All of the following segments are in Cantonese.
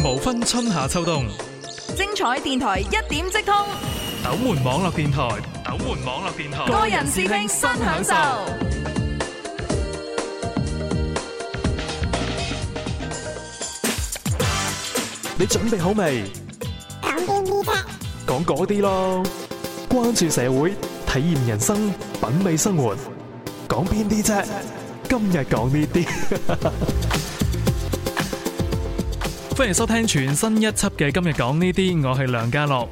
無分春夏秋冬，精彩電台一點即通。鬥門網絡電台，鬥門網絡電台，個人視聽新享受。你準備好未？講邊啲啫？講嗰啲咯。關注社會，體驗人生，品味生活。講邊啲啫？今日講呢啲。歡迎收聽全新一輯嘅今日講呢啲，我係梁家樂。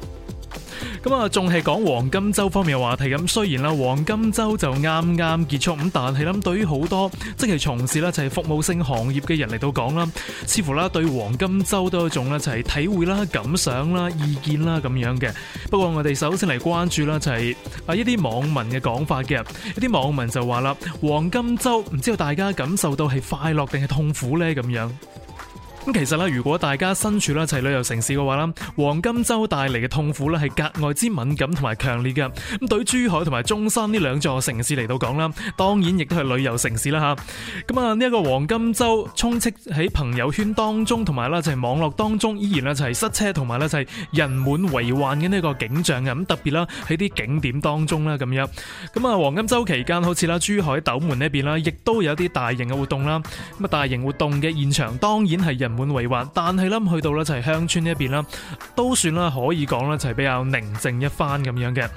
咁、嗯、啊，仲係講黃金周方面嘅話題。咁雖然啦，黃金周就啱啱結束，咁但係諗對於好多即係從事啦，就係服務性行業嘅人嚟到講啦，似乎啦對黃金周都有種啦，就係體會啦、感想啦、意見啦咁樣嘅。不過我哋首先嚟關注啦，就係啊一啲網民嘅講法嘅。一啲網民就話啦，黃金周唔知道大家感受到係快樂定係痛苦呢？咁樣。咁其實咧，如果大家身處咧就係旅遊城市嘅話啦，黃金週帶嚟嘅痛苦咧係格外之敏感同埋強烈嘅。咁對珠海同埋中山呢兩座城市嚟到講啦，當然亦都係旅遊城市啦吓，咁啊，呢一個黃金週充斥喺朋友圈當中同埋啦，就係網絡當中，依然啊就係塞車同埋咧就係人滿為患嘅呢個景象嘅。咁特別啦，喺啲景點當中啦咁樣。咁啊，黃金週期間好似啦珠海斗門呢邊啦，亦都有啲大型嘅活動啦。咁啊，大型活動嘅現場當然係人滿遺憾，但係啦，去到咧就係鄉村呢一邊啦，都算啦，可以講咧就係比較寧靜一番咁樣嘅。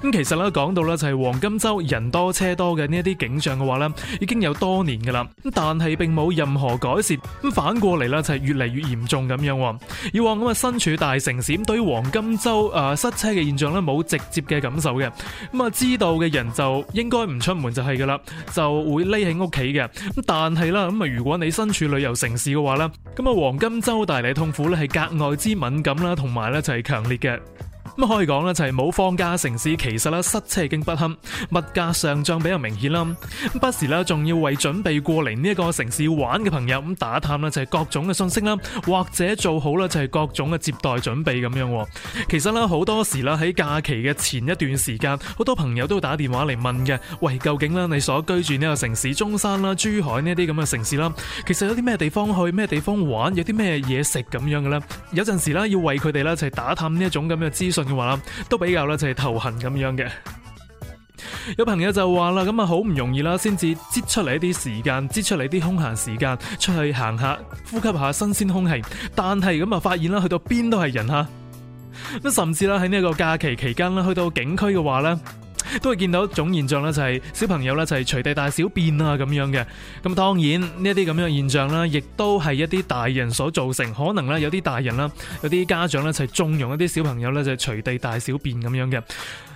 咁其實咧講到咧就係黃金周人多車多嘅呢一啲景象嘅話咧，已經有多年噶啦，咁但係並冇任何改善，咁反過嚟咧就係越嚟越嚴重咁樣。以往咁啊身處大城市，對於黃金周誒塞車嘅現象咧冇直接嘅感受嘅，咁啊知道嘅人就應該唔出門就係噶啦，就會匿喺屋企嘅。咁但係啦，咁啊如果你身處旅遊城市嘅話咧，咁啊黃金周帶嚟痛苦咧係格外之敏感啦，同埋咧就係強烈嘅。咁可以講咧，就係冇放假城市，其實咧塞車已經不堪，物價上漲比較明顯啦。不時咧，仲要為準備過嚟呢一個城市玩嘅朋友咁打探呢就係各種嘅信息啦，或者做好呢就係各種嘅接待準備咁樣。其實咧好多時啦喺假期嘅前一段時間，好多朋友都會打電話嚟問嘅。喂，究竟咧你所居住呢個城市，中山啦、珠海呢啲咁嘅城市啦，其實有啲咩地方去，咩地方玩，有啲咩嘢食咁樣嘅咧？有陣時咧要為佢哋咧就係打探呢一種咁嘅資訊。嘅話啦，都比較咧，就係頭痕咁樣嘅。有朋友就話啦，咁啊好唔容易啦，先至擠出嚟一啲時間，擠出嚟啲空閒時間出去行下，呼吸下新鮮空氣。但係咁啊，發現啦，去到邊都係人吓。咁甚至啦喺呢個假期期間啦，去到景區嘅話呢，都會見到一種現象啦，就係小朋友咧就係隨地大小便啊咁樣嘅。咁當然呢一啲咁樣嘅現象呢，亦都係一啲大人所造成。可能咧有啲大人啦，有啲家長咧就係縱容一啲小朋友咧就係隨地大小便咁樣嘅。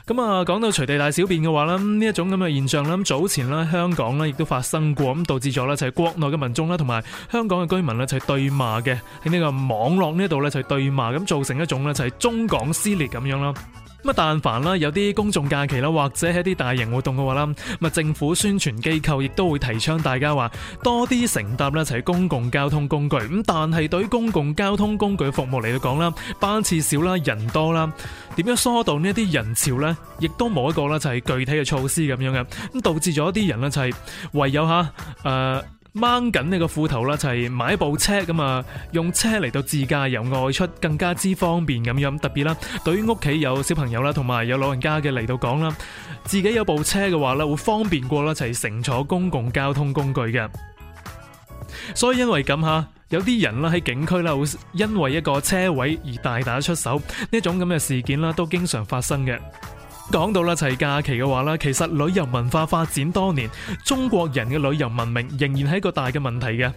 咁啊講到隨地大小便嘅話咧，呢一種咁嘅現象咧，早前咧香港咧亦都發生過，咁導致咗咧就係國內嘅民眾啦，同埋香港嘅居民咧就係對罵嘅喺呢個網絡呢度咧就係對罵，咁造成一種咧就係中港撕裂咁樣啦。咁但凡啦，有啲公眾假期啦，或者係一啲大型活動嘅話啦，咁啊，政府宣傳機構亦都會提倡大家話多啲乘搭呢就係公共交通工具。咁但係對公共交通工具服務嚟講啦，班次少啦，人多啦，點樣疏導呢啲人潮呢？亦都冇一個啦，就係具體嘅措施咁樣嘅，咁導致咗一啲人呢就係唯有吓誒。呃掹緊呢個褲頭啦，就係買部車咁啊，用車嚟,到自駕遊外出更加之方便咁樣。特別啦，對於屋企有小朋友啦，同埋有老人家嘅嚟到講啦，自己有部車嘅話啦，會方便過啦，就係乘坐公共交通工具嘅。所以因為咁吓，有啲人啦喺景區啦，會因為一個車位而大打出手，呢種咁嘅事件啦，都經常發生嘅。講到啦，齊假期嘅話啦，其實旅遊文化發展多年，中國人嘅旅遊文明仍然係一個大嘅問題嘅。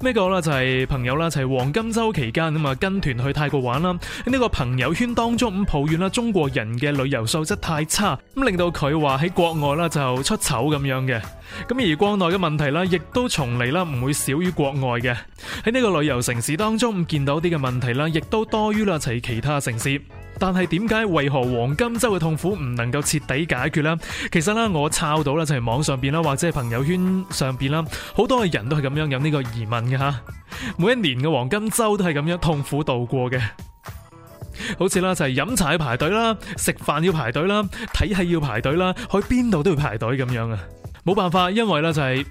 呢個啦就係朋友啦，齊黃金周期間咁啊跟團去泰國玩啦。喺呢個朋友圈當中咁抱怨啦，中國人嘅旅遊素質太差，咁令到佢話喺國外啦就出醜咁樣嘅。咁而國內嘅問題啦，亦都從嚟啦唔會少於國外嘅。喺呢個旅遊城市當中見到啲嘅問題啦，亦都多於啦齊其他城市。但係點解為何黃金周嘅痛苦唔能夠徹底解決呢？其實咧我抄到啦，就係網上邊啦，或者係朋友圈上邊啦，好多嘅人都係咁樣有呢個疑問嘅吓。每一年嘅黃金周都係咁樣痛苦度過嘅，好似啦就係飲茶要排隊啦，食飯要排隊啦，睇戲要排隊啦，去邊度都要排隊咁樣啊！冇辦法，因為啦就係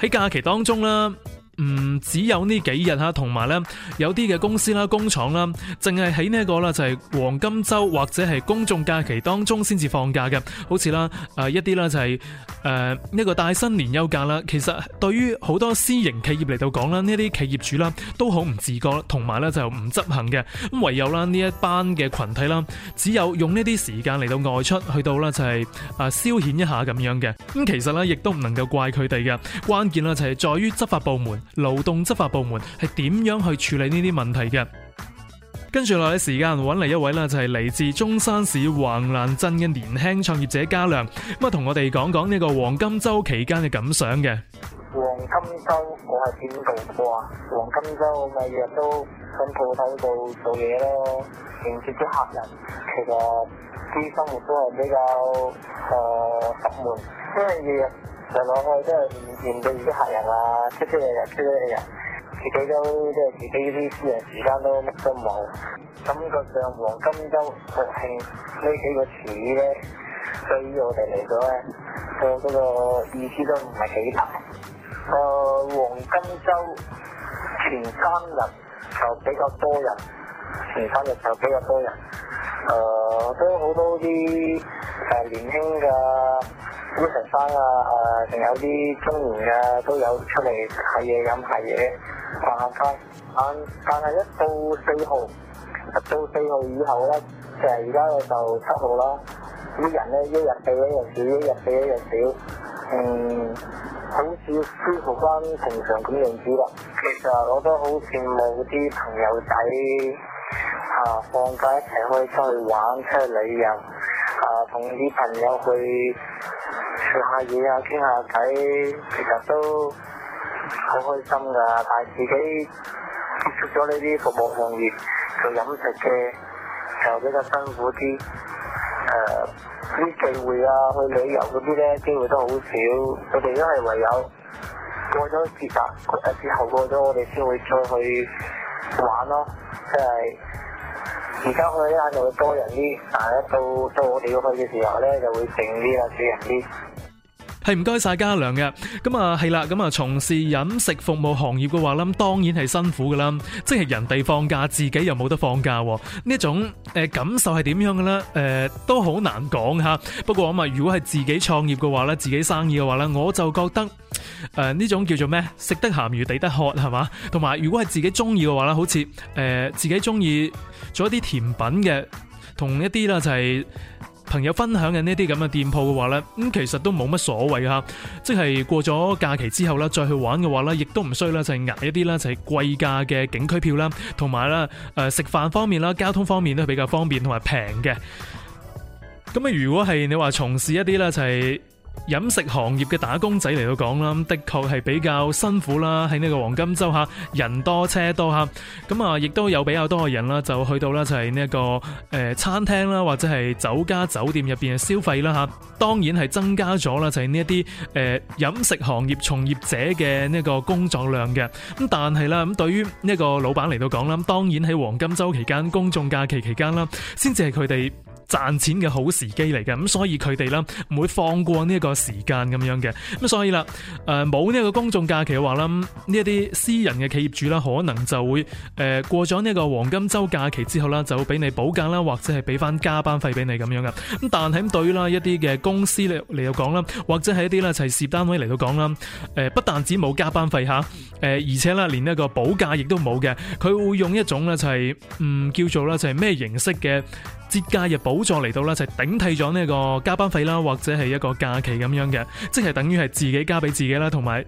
喺假期當中啦。嗯，只有呢幾日吓，同埋呢有啲嘅公司啦、工廠啦，淨係喺呢一個啦，就係黃金周或者係公眾假期當中先至放假嘅。好似啦，誒一啲啦就係誒一個帶薪年休假啦。其實對於好多私營企業嚟到講啦，呢啲企業主啦都好唔自覺，同埋呢就唔執行嘅。咁唯有啦呢一班嘅群體啦，只有用呢啲時間嚟到外出，去到啦就係誒消遣一下咁樣嘅。咁其實咧亦都唔能夠怪佢哋嘅，關鍵啦就係在於執法部門。勞動執法部門係點樣去處理呢啲問題嘅？跟住落嚟時間揾嚟一位咧，就係嚟自中山市橫欄鎮嘅年輕創業者嘉良。咁啊同我哋講講呢個黃金周期間嘅感想嘅。黃金周我係邊度過啊？黃金周咪日日都喺鋪頭度做嘢咯，迎接啲客人，其實啲生活都係比較誒沉悶，因為日日。就攞去，即係面對而家客人啊，即係日日，出咗一日，自己都即係自己啲私人時間都乜都冇。咁個上黃金周國慶呢幾個詞咧，對於我哋嚟講咧，佢嗰個意思都唔係幾明。誒、呃，黃金周前三日就比較多人，前三日就比較多人。誒、呃，都好多啲誒年輕嘅。啲成山啊，誒、呃，仲有啲中年嘅都有出嚟食嘢、飲下嘢、逛下街。但但係一到四號，到四號以後咧，係而家就七號啦。啲人咧一日比一日少，一日比一日少。嗯，好似舒復翻平常咁樣子啦。其、啊、實我都好羨慕啲朋友仔啊，放假一齊可以出去玩、出去旅遊，啊，同啲朋友去。做下嘢啊，傾下偈，其實都好開心噶。但係自己結束咗呢啲服務行業做飲食嘅，就比較辛苦啲。誒、呃，啲聚會啊，去旅遊嗰啲咧，機會都好少。我哋都係唯有過咗節日之後過咗，我哋先會再去玩咯。即係而家去咧就會多人啲，但係一到到我哋要去嘅時候咧，就會靜啲啦，少人啲。係唔該晒嘉良嘅，咁啊係啦，咁啊從事飲食服務行業嘅話啦，當然係辛苦噶啦，即係人哋放假，自己又冇得放假，呢種誒、呃、感受係點樣嘅咧？誒、呃，都好難講吓。不過啊、嗯、如果係自己創業嘅話咧，自己生意嘅話咧，我就覺得誒呢、呃、種叫做咩？食得鹹魚抵得渴係嘛？同埋如果係自己中意嘅話咧，好似誒、呃、自己中意做一啲甜品嘅，同一啲啦就係、是。朋友分享嘅呢啲咁嘅店鋪嘅話呢，咁其實都冇乜所謂吓，即係過咗假期之後呢，再去玩嘅話呢，亦都唔需要啦，就係捱一啲啦，就係貴價嘅景區票啦，同埋啦，誒食飯方面啦，交通方面都係比較方便同埋平嘅。咁啊，如果係你話從事一啲啦，就係、是。飲食行業嘅打工仔嚟到講啦，咁的確係比較辛苦啦，喺呢個黃金周吓，人多車多吓，咁啊亦都有比較多嘅人啦，就去到啦就係呢一個誒、呃、餐廳啦，或者係酒家、酒店入邊嘅消費啦吓，當然係增加咗啦，就係呢一啲誒飲食行業從業者嘅呢一個工作量嘅，咁但係啦，咁對於呢個老闆嚟到講啦，當然喺黃金周期間、公眾假期期間啦，先至係佢哋，賺錢嘅好時機嚟嘅，咁所以佢哋呢唔會放過呢一個時間咁樣嘅，咁所以啦，誒冇呢一個公眾假期嘅話啦，呢一啲私人嘅企業主啦，可能就會誒、呃、過咗呢一個黃金周假期之後啦，就會俾你補假啦，或者係俾翻加班費俾你咁樣噶。咁但係對啦一啲嘅公司嚟嚟到講啦，或者係一啲就係、是、事業單位嚟到講啦，誒、呃、不但止冇加班費吓，誒而且啦連呢一個補假亦都冇嘅，佢會用一種咧就係、是、唔、嗯、叫做啦就係、是、咩形式嘅節假日補。再嚟到呢，就係頂替咗呢個加班費啦，或者係一個假期咁樣嘅，即係等於係自己加俾自己啦，同埋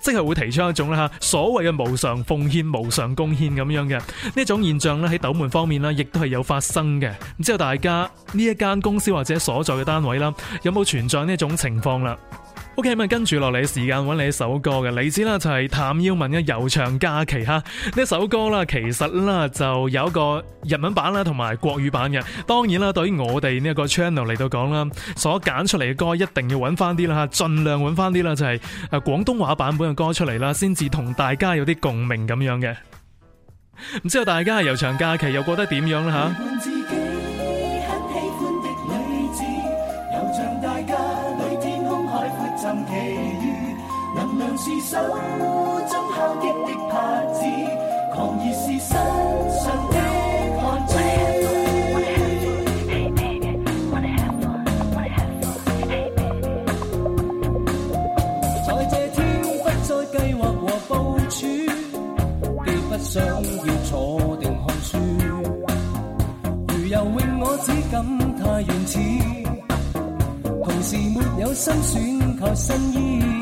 即係會提出一種咧吓，所謂嘅無償奉獻、無償貢獻咁樣嘅呢種現象呢，喺斗門方面呢，亦都係有發生嘅。唔知道大家呢一間公司或者所在嘅單位啦，有冇存在呢種情況啦？OK，咁啊，跟住落嚟嘅時間揾你一首歌嘅，你知啦，就係譚耀文嘅《悠長假期》吓，呢首歌啦，其實啦，就有一個日文版啦，同埋國語版嘅。當然啦，對於我哋呢一個 channel 嚟到講啦，所揀出嚟嘅歌，一定要揾翻啲啦，吓，盡量揾翻啲啦，就係誒廣東話版本嘅歌出嚟啦，先至同大家有啲共鳴咁樣嘅。唔知道大家係悠長假期又覺得點樣啦？吓。手中敲擊的拍子，狂熱是身上的汗水。在這天不再計劃和部署，既不想要坐定看書，如游泳我只感太原始，同時沒有心選求新意。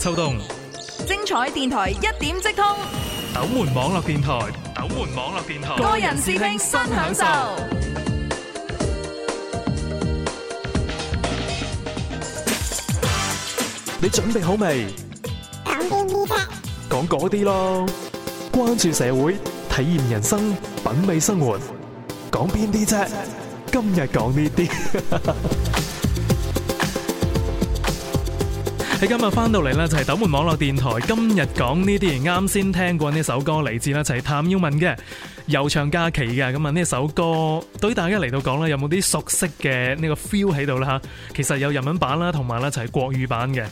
秋冬，精彩電台一點即通，斗門網絡電台，斗門網絡電台，個人視聽新享受。你準備好未？講邊啲啫？講嗰啲咯。關注社會，體驗人生，品味生活。講邊啲啫？今日講呢啲。喺今日返到嚟咧，就係斗門網絡電台今日講呢啲，啱先聽過呢首歌，嚟自咧就係譚耀文嘅《悠長假期》嘅，咁啊呢首歌對於大家嚟到講咧，有冇啲熟悉嘅呢個 feel 喺度咧？吓，其實有日文版啦，同埋咧就係國語版嘅。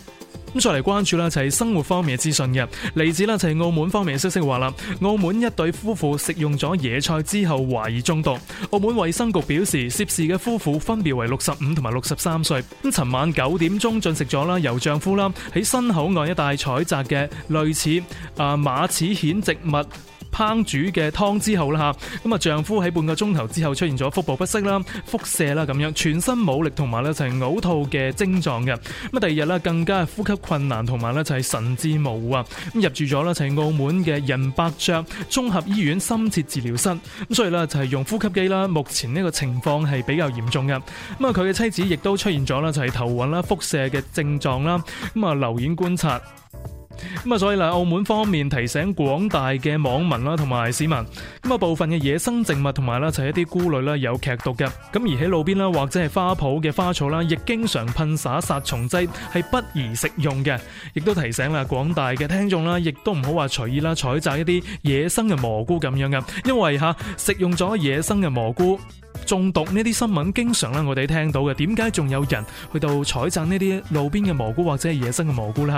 咁再嚟關注啦，就係生活方面嘅資訊嘅。嚟自啦，就係澳門方面嘅消息話啦，澳門一對夫婦食用咗野菜之後懷疑中毒。澳門衛生局表示，涉事嘅夫婦分別為六十五同埋六十三歲。咁，尋晚九點鐘進食咗啦，由丈夫啦喺新口岸一帶採集嘅類似啊馬齒莧植物。烹煮嘅湯之後啦吓，咁啊丈夫喺半個鐘頭之後出現咗腹部不適啦、腹瀉啦咁樣，全身冇力同埋咧就係嘔吐嘅症狀嘅。咁啊第二日咧更加係呼吸困難同埋咧就係神志模糊啊，咁入住咗呢，就係澳門嘅仁伯爵綜合醫院深切治療室。咁所以呢，就係用呼吸機啦。目前呢個情況係比較嚴重嘅。咁啊佢嘅妻子亦都出現咗咧就係頭暈啦、腹瀉嘅症狀啦。咁啊留院觀察。咁啊，所以啦，澳門方面提醒廣大嘅網民啦，同埋市民，咁啊，部分嘅野生植物同埋啦，就係一啲菇類啦，有劇毒嘅。咁而喺路邊啦，或者係花圃嘅花草啦，亦經常噴灑殺蟲劑，係不宜食用嘅。亦都提醒啦，廣大嘅聽眾啦，亦都唔好話隨意啦，採摘一啲野生嘅蘑菇咁樣嘅，因為吓食用咗野生嘅蘑菇。中毒呢啲新聞經常咧我哋聽到嘅，點解仲有人去到採摘呢啲路邊嘅蘑菇或者係野生嘅蘑菇咧？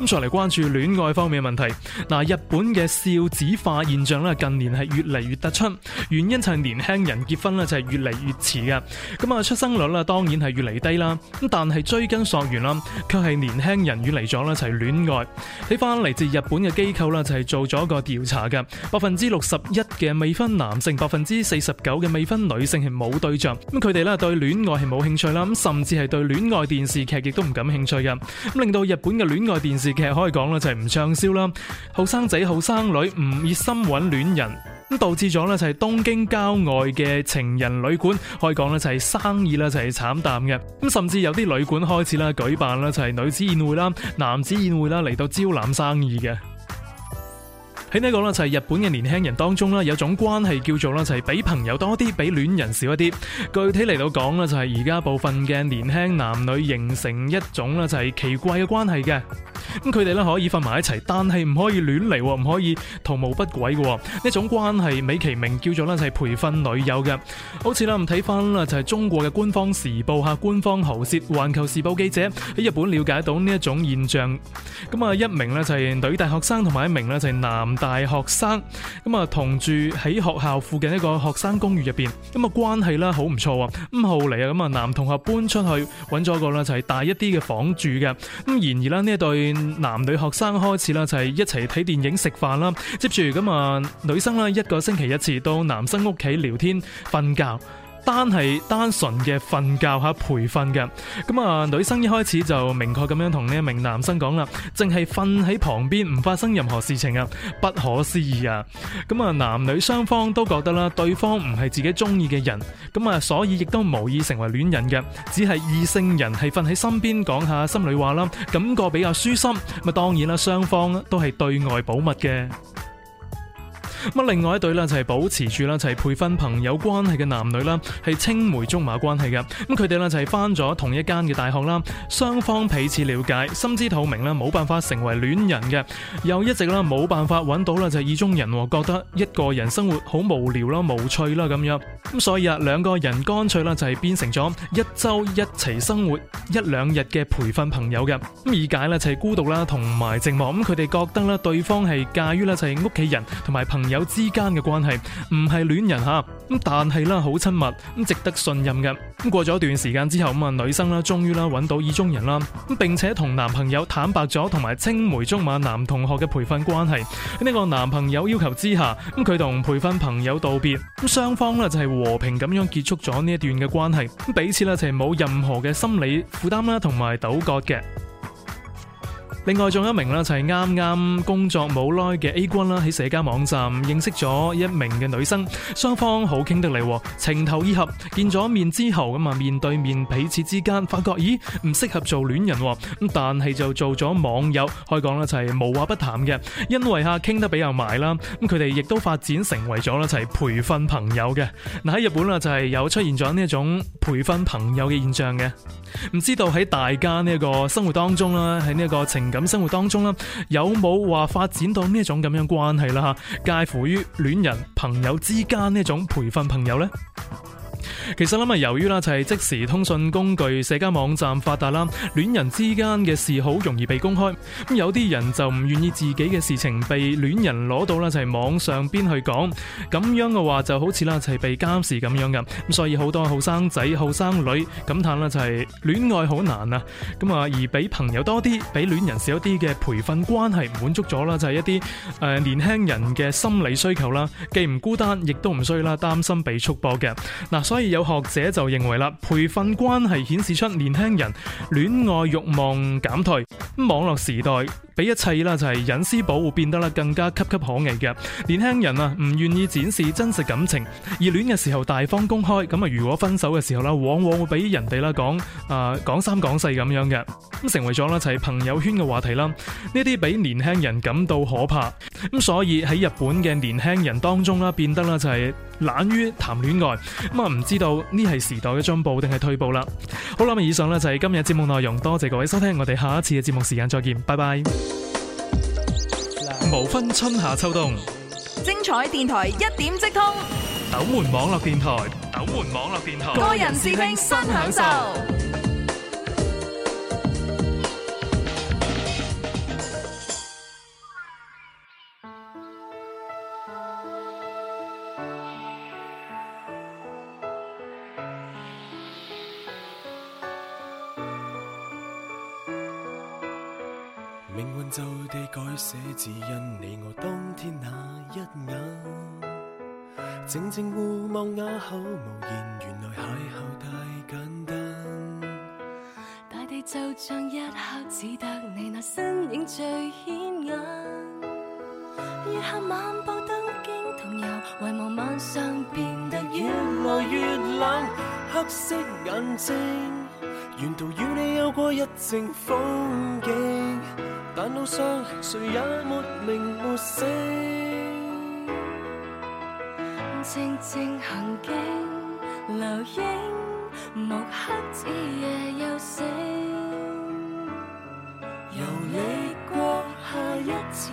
咁再嚟關注戀愛方面嘅問題，嗱，日本嘅少子化現象咧，近年係越嚟越突出，原因就係年輕人結婚咧就係越嚟越遲噶，咁啊出生率啦當然係越嚟低啦，咁但係追根溯源啦，卻係年輕人遠離咗咧就係戀愛。睇番嚟自日本嘅機構啦就係做咗個調查嘅，百分之六十一嘅未婚男性，百分之四十九嘅未婚女。女性係冇對象，咁佢哋咧對戀愛係冇興趣啦，咁甚至係對戀愛電視劇亦都唔感興趣嘅，咁令到日本嘅戀愛電視劇可以講咧就係唔暢銷啦。後生仔後生女唔熱心揾戀人，咁導致咗咧就係東京郊外嘅情人旅館可以講咧就係生意咧就係慘淡嘅，咁甚至有啲旅館開始喇舉辦喇就係女子宴會啦、男子宴會啦嚟到招攬生意嘅。喺呢個就係、是、日本嘅年輕人當中啦，有一種關係叫做呢就係、是、比朋友多啲，比戀人少一啲。具體嚟到講啦，就係而家部分嘅年輕男女形成一種呢就係、是、奇怪嘅關係嘅。咁佢哋呢可以瞓埋一齊，但係唔可以亂嚟，唔可以圖謀不軌嘅。呢種關係美其名叫做啦，就係、是、陪瞓女友嘅。好似啦，咁睇翻啦，就係、是、中國嘅官方時報吓官方喉舌環球時報記者喺日本了解到呢一種現象。咁啊，一名咧就係、是、女大學生，同埋一名咧就係、是、男大學生咁啊，同住喺學校附近一個學生公寓入邊，咁啊關係啦好唔錯喎，咁後嚟，啊咁啊男同學搬出去揾咗個呢就係大一啲嘅房住嘅。咁然而啦呢一對男女學生開始啦就係一齊睇電影食飯啦，接住咁啊女生啦一個星期一次到男生屋企聊天，瞓覺。單係單純嘅瞓覺吓，陪瞓嘅。咁啊女生一開始就明確咁樣同呢一名男生講啦，淨係瞓喺旁邊唔發生任何事情啊，不可思議啊！咁啊男女雙方都覺得啦，對方唔係自己中意嘅人，咁啊所以亦都無意成為戀人嘅，只係異性人係瞓喺身邊講下心裏話啦，感覺比較舒心，咁當然啦，雙方都係對外保密嘅。咁另外一對啦，就係保持住啦，就係培訓朋友關係嘅男女啦，係青梅竹馬關係嘅。咁佢哋啦，就係返咗同一間嘅大學啦，雙方彼此了解，心知肚明啦，冇辦法成為戀人嘅，又一直啦冇辦法揾到啦就係意中人，覺得一個人生活好無聊啦、無趣啦咁樣。咁所以啊，兩個人乾脆啦就係變成咗一周一齊生活一兩日嘅培訓朋友嘅。咁以解呢就係孤獨啦，同埋寂寞。咁佢哋覺得啦，對方係介於啦就係屋企人同埋朋友。有之間嘅關係，唔係戀人吓，咁但係啦好親密咁，值得信任嘅。咁過咗一段時間之後，咁啊女生啦終於啦揾到意中人啦，咁並且同男朋友坦白咗同埋青梅竹馬男同學嘅培訓關係。呢、這個男朋友要求之下，咁佢同培訓朋友道別，咁雙方呢，就係和平咁樣結束咗呢一段嘅關係，咁彼此呢，就係冇任何嘅心理負擔啦，同埋糾葛嘅。另外仲有一名呢，就係啱啱工作冇耐嘅 A 君啦，喺社交網站認識咗一名嘅女生，雙方好傾得嚟，情投意合。見咗面之後咁啊，面對面彼此之間發覺，咦，唔適合做戀人咁，但係就做咗網友。可以講呢就係無話不談嘅，因為吓傾得比較埋啦。咁佢哋亦都發展成為咗呢，就係培訓朋友嘅。喺日本呢，就係有出現咗呢一種培訓朋友嘅現象嘅。唔知道喺大家呢一個生活當中啦，喺呢一個情。咁生活當中啦，有冇話發展到呢種咁樣關係啦？嚇，介乎於戀人、朋友之間呢種培訓朋友呢？其實諗由於啦就係即時通訊工具、社交網站發達啦，戀人之間嘅事好容易被公開。咁有啲人就唔願意自己嘅事情被戀人攞到啦，就係、是、網上邊去講。咁樣嘅話就好似啦，就係被監視咁樣噶。咁所以好多後生仔、後生女感嘆啦，就係戀愛好難啊。咁啊，而俾朋友多啲，俾戀人少啲嘅培訓關係滿足咗啦，就係、是、一啲誒、呃、年輕人嘅心理需求啦。既唔孤單，亦都唔衰啦，擔心被束縛嘅。嗱，所以。有學者就認為啦，培訓關係顯示出年輕人戀愛慾望減退。網絡時代比一切啦，就係隱私保護變得啦更加岌岌可危嘅。年輕人啊，唔願意展示真實感情，熱戀嘅時候大方公開，咁啊如果分手嘅時候啦，往往會俾人哋啦講啊講三講四咁樣嘅，咁成為咗啦就係朋友圈嘅話題啦。呢啲俾年輕人感到可怕，咁所以喺日本嘅年輕人當中啦，變得啦就係懶於談戀愛，咁啊唔知道。到呢係時代嘅進步定係退步啦？好啦，咁以上呢就係今日節目內容，多謝各位收聽，我哋下一次嘅節目時間再見，拜拜。位無分春夏秋冬，精彩電台一點即通，斗門網絡電台，斗門網絡電台，個人視聽新享受。這只因你我當天那一眼，啊，靜靜互望啞、啊、口無言，原來邂逅太簡單。大地就像一刻只得你那身影最顯眼，月黑晚燈同遊，唯望晚上變得越來越冷，黑色眼睛。沿途與你有過一程風景，但路上誰也沒名沒姓。靜靜行經，留影，暮黑子夜又醒，遊歷過下一次。